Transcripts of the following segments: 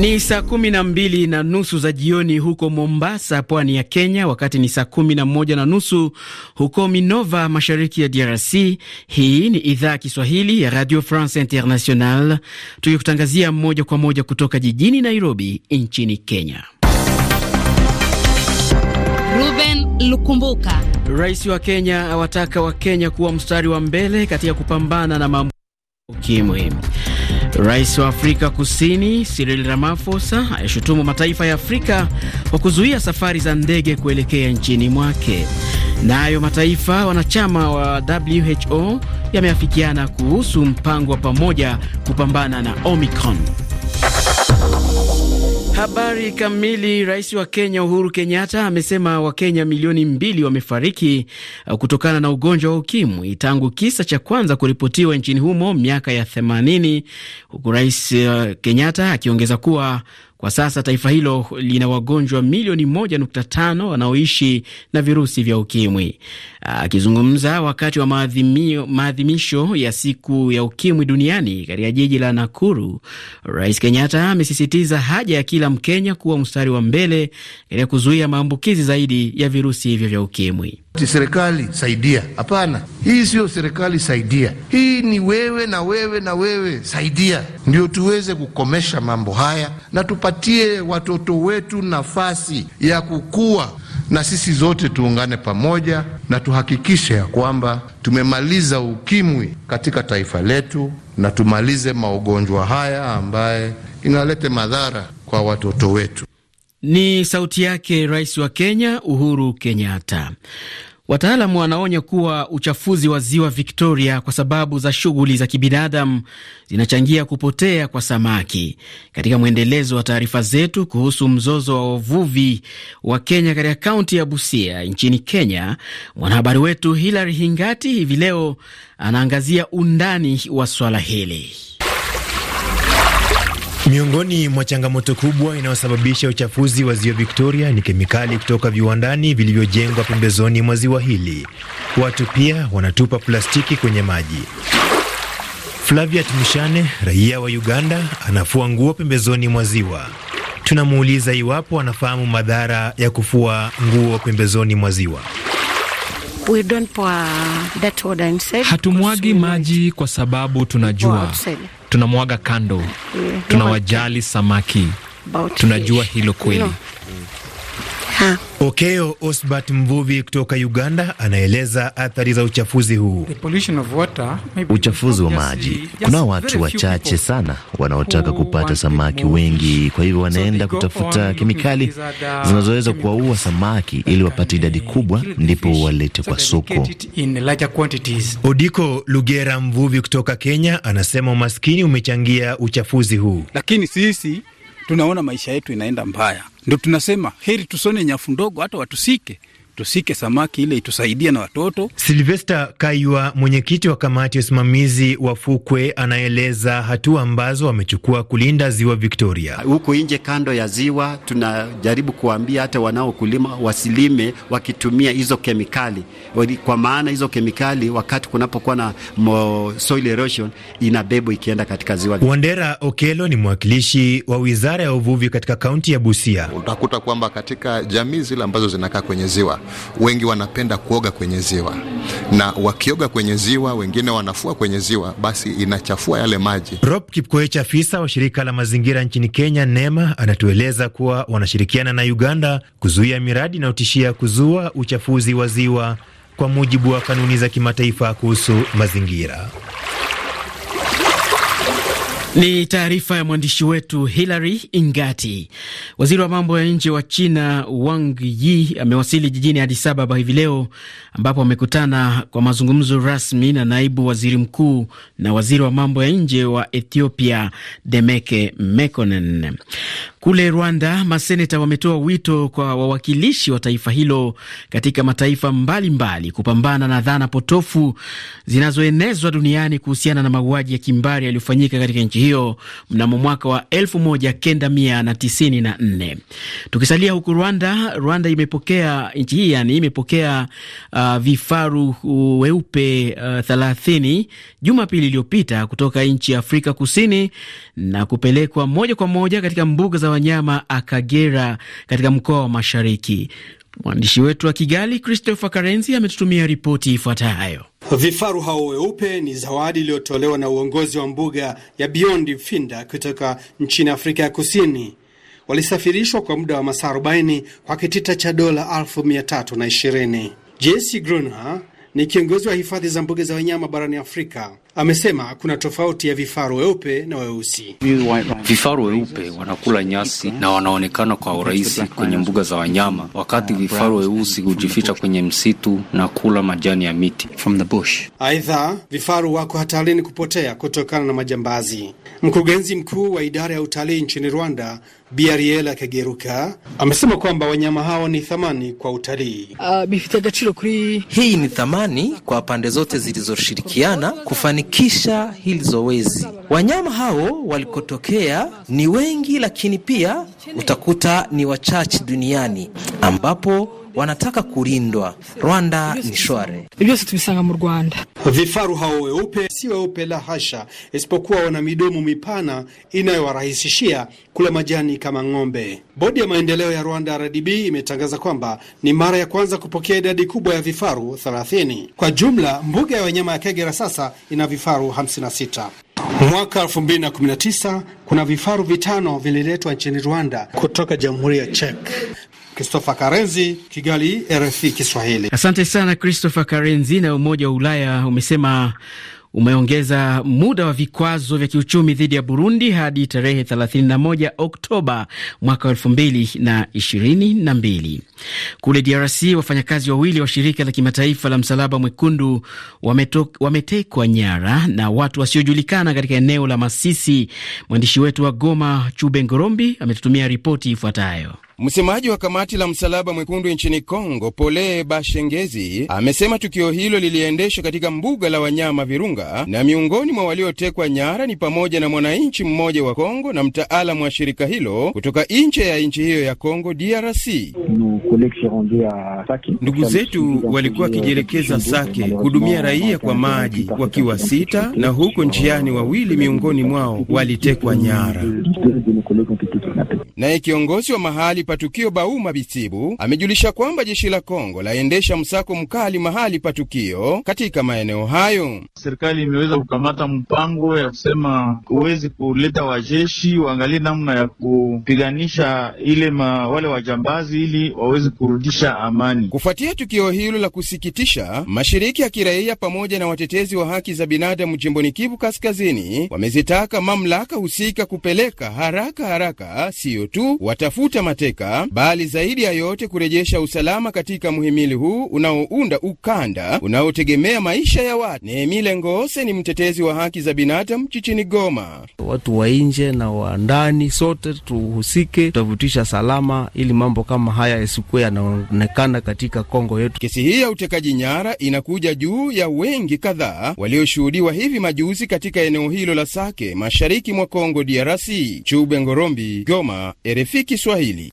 Ni saa kumi na mbili na nusu za jioni huko Mombasa, pwani ya Kenya, wakati ni saa kumi na moja na nusu huko Minova, mashariki ya DRC. Hii ni idhaa ya Kiswahili ya Radio France International, tukikutangazia moja kwa moja kutoka jijini Nairobi nchini Kenya. Ruben Lukumbuka. Rais wa Kenya awataka Wakenya kuwa mstari wa mbele katika kupambana na maambukizi ukimwi. Rais wa Afrika Kusini Cyril Ramaphosa ayashutumu mataifa ya Afrika kwa kuzuia safari za ndege kuelekea nchini mwake. Nayo na mataifa wanachama wa WHO yameafikiana kuhusu mpango wa pamoja kupambana na Omicron. Habari kamili. Rais wa Kenya Uhuru Kenyatta amesema Wakenya milioni mbili wamefariki uh, kutokana na ugonjwa wa ukimwi tangu kisa cha kwanza kuripotiwa nchini humo miaka ya 80, huku Rais uh, Kenyatta akiongeza kuwa kwa sasa taifa hilo lina wagonjwa milioni 1.5 wanaoishi na virusi vya ukimwi. Akizungumza wakati wa maadhimisho ya siku ya ukimwi duniani katika jiji la Nakuru, Rais Kenyatta amesisitiza haja ya kila Mkenya kuwa mstari wa mbele katika kuzuia maambukizi zaidi ya virusi hivyo vya ukimwi. Serikali saidia? Hapana, hii siyo serikali saidia, hii ni wewe na wewe na wewe saidia, ndio tuweze kukomesha mambo haya na tupatie watoto wetu nafasi ya kukua, na sisi zote tuungane pamoja na tuhakikishe ya kwamba tumemaliza ukimwi katika taifa letu na tumalize maugonjwa haya ambaye inaleta madhara kwa watoto wetu. Ni sauti yake rais wa Kenya Uhuru Kenyatta. Wataalamu wanaonya kuwa uchafuzi wa ziwa Victoria kwa sababu za shughuli za kibinadamu zinachangia kupotea kwa samaki. Katika mwendelezo wa taarifa zetu kuhusu mzozo wa wavuvi wa Kenya katika kaunti ya Busia nchini Kenya, mwanahabari wetu Hilary Hingati hivi leo anaangazia undani wa swala hili. Miongoni mwa changamoto kubwa inayosababisha uchafuzi wa ziwa Victoria ni kemikali kutoka viwandani vilivyojengwa pembezoni mwa ziwa hili. Watu pia wanatupa plastiki kwenye maji. Flavia Tumshane, raia wa Uganda, anafua nguo pembezoni mwa ziwa. Tunamuuliza iwapo anafahamu madhara ya kufua nguo pembezoni mwa ziwa. Hatumwagi maji kwa sababu tunajua tunamwaga kando, tunawajali samaki, tunajua hilo kweli. Ha. Okeo osbat Mvuvi kutoka Uganda anaeleza athari za uchafuzi huu. Uchafuzi wa maji, kuna watu wachache sana wanaotaka kupata samaki wengi, kwa hivyo wanaenda kutafuta kemikali zinazoweza kuwaua samaki ili wapate idadi kubwa, ndipo walete kwa soko. Odiko Lugera, mvuvi kutoka Kenya, anasema umaskini umechangia uchafuzi huu, lakini sisi tunaona maisha yetu inaenda mbaya, ndo tunasema heri tusone nyafu ndogo hata watusike tusike samaki ile itusaidie na watoto. Silvester Kaiwa, mwenyekiti wa kamati ya usimamizi wa fukwe, anaeleza hatua ambazo wamechukua kulinda ziwa Victoria. Huku nje kando ya ziwa, tunajaribu kuwaambia hata wanaokulima wasilime wakitumia hizo kemikali, kwa maana hizo kemikali wakati kunapokuwa na soil erosion inabebwa ikienda katika ziwa. Wandera Okelo ni mwakilishi wa wizara ya uvuvi katika kaunti ya Busia. Utakuta kwamba katika jamii zile ambazo zinakaa kwenye ziwa wengi wanapenda kuoga kwenye ziwa, na wakioga kwenye ziwa, wengine wanafua kwenye ziwa, basi inachafua yale maji. Rob Kipkoech, afisa wa shirika la mazingira nchini Kenya, NEMA, anatueleza kuwa wanashirikiana na Uganda kuzuia miradi inayotishia kuzua uchafuzi wa ziwa kwa mujibu wa kanuni za kimataifa kuhusu mazingira. Ni taarifa ya mwandishi wetu Hilary Ingati. Waziri wa mambo ya nje wa China Wang Yi amewasili jijini Addis Ababa hivi leo, ambapo amekutana kwa mazungumzo rasmi na naibu waziri mkuu na waziri wa mambo ya nje wa Ethiopia Demeke Mekonnen. Kule Rwanda, maseneta wametoa wito kwa wawakilishi wa taifa hilo katika mataifa mbalimbali mbali, kupambana na dhana potofu zinazoenezwa duniani kuhusiana na mauaji ya kimbari yaliyofanyika katika nchi hiyo mnamo mwaka wa 1994. Tukisalia huku Rwanda, Rwanda imepokea nchi hii yani imepokea uh, vifaru weupe uh, 30 Jumapili iliyopita kutoka nchi ya Afrika Kusini na kupelekwa moja kwa moja katika mbuga za wanyama Akagera katika mkoa wa Mashariki. Mwandishi wetu wa Kigali, Christopher Karenzi, ametutumia ripoti ifuatayo. Vifaru hao weupe ni zawadi iliyotolewa na uongozi wa mbuga ya Beyond Finda kutoka nchini Afrika ya Kusini. Walisafirishwa kwa muda wa masaa 40 kwa kitita cha dola 320. Jesse Grunha ni kiongozi wa hifadhi za mbuga za wanyama barani Afrika. Amesema kuna tofauti ya vifaru weupe na weusi. Vifaru weupe wanakula nyasi na wanaonekana kwa urahisi kwenye mbuga za wanyama, wakati vifaru weusi hujificha kwenye msitu na kula majani ya miti. Aidha, vifaru wako hatarini kupotea kutokana na majambazi. Mkurugenzi mkuu wa idara ya utalii nchini Rwanda biariela Ariel Akageruka amesema kwamba wanyama hao ni thamani kwa utalii. Uh, hii ni thamani kwa pande zote zilizoshirikiana kufani kufanikisha hili zoezi. Wanyama hao walikotokea ni wengi, lakini pia utakuta ni wachache duniani ambapo wanataka kulindwa. Rwanda ni shware vyose tubisanga mu Rwanda. Vifaru hao weupe si weupe la hasha, isipokuwa wana midomo mipana inayowarahisishia kula majani kama ng'ombe. Bodi ya maendeleo ya Rwanda RDB imetangaza kwamba ni mara ya kwanza kupokea idadi kubwa ya vifaru 30. Kwa jumla mbuga ya wanyama ya Kagera sasa ina vifaru 56. Mwaka 2019 kuna vifaru vitano vililetwa nchini Rwanda kutoka Jamhuri ya Czech. Christopher Karenzi, Kigali, RFI Kiswahili. Asante sana Christopher Karenzi. Na Umoja wa Ulaya umesema umeongeza muda wa vikwazo vya kiuchumi dhidi ya Burundi hadi tarehe 31 Oktoba mwaka 2022. Kule DRC wafanyakazi wawili wa shirika la kimataifa la Msalaba Mwekundu wametekwa nyara na watu wasiojulikana katika eneo la Masisi. Mwandishi wetu wa Goma, Chube Ngorombi, ametutumia ripoti ifuatayo. Msemaji wa kamati la Msalaba Mwekundu nchini Kongo, Pole Bashengezi, amesema tukio hilo liliendeshwa katika mbuga la wanyama Virunga, na miongoni mwa waliotekwa nyara ni pamoja na mwananchi mmoja wa Kongo na mtaalamu wa shirika hilo kutoka nje ya nchi hiyo ya Kongo, DRC. Ndugu zetu walikuwa wakijielekeza Sake kuhudumia raia kwa maji wakiwa sita, na huko njiani wawili miongoni mwao walitekwa nyara. Naye kiongozi wa mahali patukio Bauma Bitibu amejulisha kwamba jeshi la Kongo laendesha msako mkali mahali patukio katika maeneo hayo. Serikali imeweza kukamata mpango ya kusema uwezi kuleta wajeshi waangalie namna ya kupiganisha ile ma, wale wajambazi ili waweze kurudisha amani. Kufuatia tukio hilo la kusikitisha, mashiriki ya kiraia pamoja na watetezi wa haki za binadamu jimboni Kivu Kaskazini wamezitaka mamlaka husika kupeleka haraka haraka, siyo tu watafuta mateka Afrika, bali zaidi ya yote kurejesha usalama katika muhimili huu unaounda ukanda unaotegemea maisha ya watu. Nehemi Ngose ni mtetezi wa haki za binadamu chichini Goma. Watu wa nje na wa ndani, sote tuhusike, tutavutisha salama ili mambo kama haya yasikuwe yanaonekana katika Kongo yetu. Kesi hii ya utekaji nyara inakuja juu ya wengi kadhaa walioshuhudiwa hivi majuzi katika eneo hilo la Sake, mashariki mwa Kongo DRC. Chube Ngorombi, Goma, RFI Kiswahili.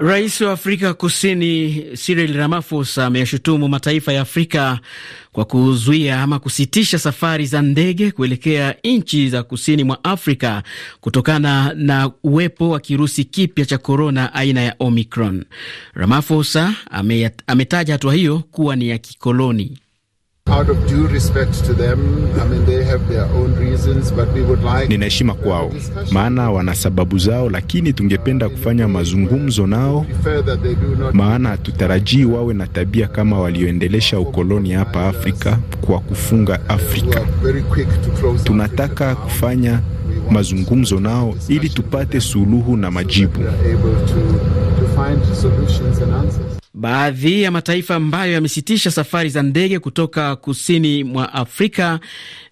Rais wa Afrika Kusini Cyril Ramaphosa ameyashutumu mataifa ya Afrika kwa kuzuia ama kusitisha safari za ndege kuelekea nchi za kusini mwa Afrika kutokana na uwepo wa kirusi kipya cha korona aina ya Omicron. Ramaphosa ametaja hatua hiyo kuwa ni ya kikoloni out of due respect to them. I mean, they have their own reasons, but we would like... Nina heshima kwao, maana wana sababu zao, lakini tungependa kufanya mazungumzo nao, maana hatutarajii wawe na tabia kama walioendelesha ukoloni hapa Afrika kwa kufunga Afrika. Tunataka kufanya mazungumzo nao ili tupate suluhu na majibu. Baadhi ya mataifa ambayo yamesitisha safari za ndege kutoka kusini mwa Afrika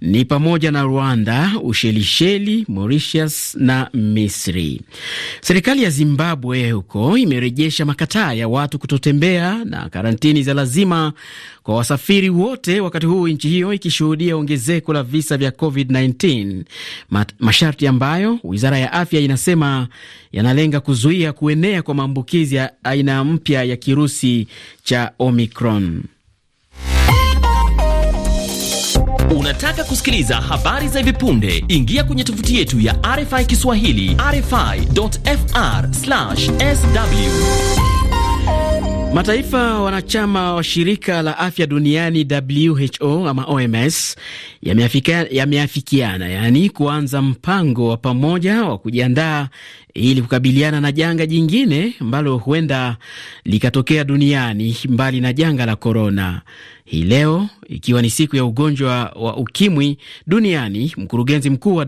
ni pamoja na Rwanda, Ushelisheli, Mauritius na Misri. Serikali ya Zimbabwe huko imerejesha makataa ya watu kutotembea na karantini za lazima kwa wasafiri wote, wakati huu nchi hiyo ikishuhudia ongezeko la visa vya COVID-19, masharti ambayo wizara ya afya inasema yanalenga kuzuia kuenea kwa maambukizi ya aina mpya ya kirusi cha Omicron. Unataka kusikiliza habari za hivi punde? Ingia kwenye tovuti yetu ya RFI Kiswahili, rfi.fr/sw. Mataifa wanachama wa shirika la afya duniani WHO ama OMS yameafikiana yani kuanza mpango wa pamoja wa kujiandaa ili kukabiliana na janga jingine ambalo huenda likatokea duniani mbali na janga la korona. Hii leo ikiwa ni siku ya ugonjwa wa ukimwi duniani, mkurugenzi mkuu wa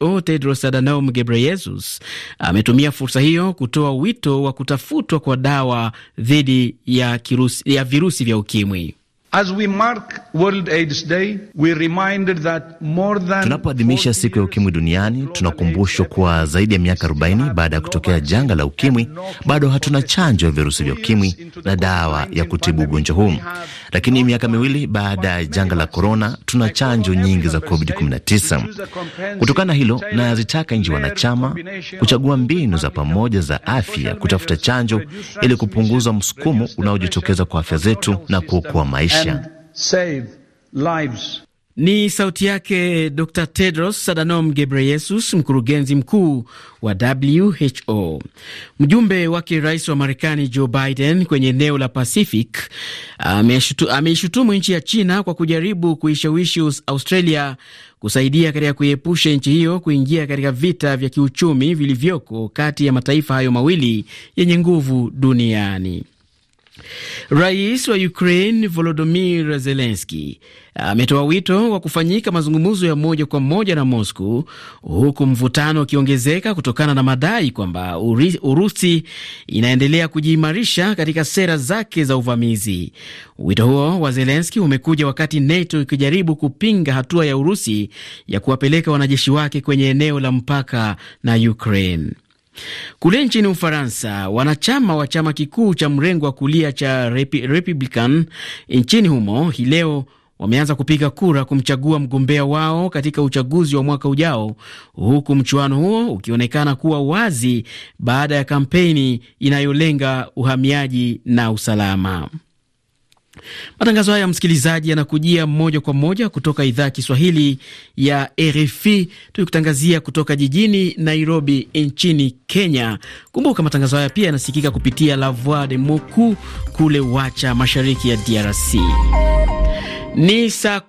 WHO Tedros Adhanom Ghebreyesus ametumia fursa hiyo kutoa wito wa kutafutwa kwa dawa dhidi ya, ya virusi vya ukimwi. Tunapoadhimisha siku ya ukimwi duniani, tunakumbushwa kuwa zaidi ya miaka 40 baada ya kutokea janga la ukimwi, bado hatuna chanjo ya virusi vya ukimwi na dawa ya kutibu ugonjwa huu. Lakini miaka miwili baada ya janga la korona, tuna chanjo nyingi za COVID-19. Kutokana na hilo, nazitaka nchi wanachama kuchagua mbinu za pamoja za afya kutafuta chanjo ili kupunguza msukumo unaojitokeza kwa afya zetu na kuokoa maisha maisha. Ni sauti yake Dr Tedros Adhanom Ghebreyesus, mkurugenzi mkuu wa WHO. Mjumbe wake rais wa Marekani Joe Biden kwenye eneo la Pacific ameishutumu nchi ya China kwa kujaribu kuishawishi Australia kusaidia katika kuiepusha nchi hiyo kuingia katika vita vya kiuchumi vilivyoko kati ya mataifa hayo mawili yenye nguvu duniani. Rais wa Ukraine Volodymyr Zelensky ametoa wito wa kufanyika mazungumzo ya moja kwa moja na Moscow huku mvutano ukiongezeka kutokana na madai kwamba Urusi inaendelea kujiimarisha katika sera zake za uvamizi. Wito huo wa Zelensky umekuja wakati NATO ikijaribu kupinga hatua ya Urusi ya kuwapeleka wanajeshi wake kwenye eneo la mpaka na Ukraine. Kule nchini Ufaransa, wanachama wa chama kikuu cha mrengo wa kulia cha Republican nchini humo hii leo wameanza kupiga kura kumchagua mgombea wao katika uchaguzi wa mwaka ujao, huku mchuano huo ukionekana kuwa wazi baada ya kampeni inayolenga uhamiaji na usalama. Matangazo haya msikilizaji, yanakujia moja kwa moja kutoka idhaa ya Kiswahili ya RFI, tukikutangazia kutoka jijini Nairobi nchini Kenya. Kumbuka matangazo haya pia yanasikika kupitia La Voix de Moku kule Wacha, mashariki ya DRC. Ni saa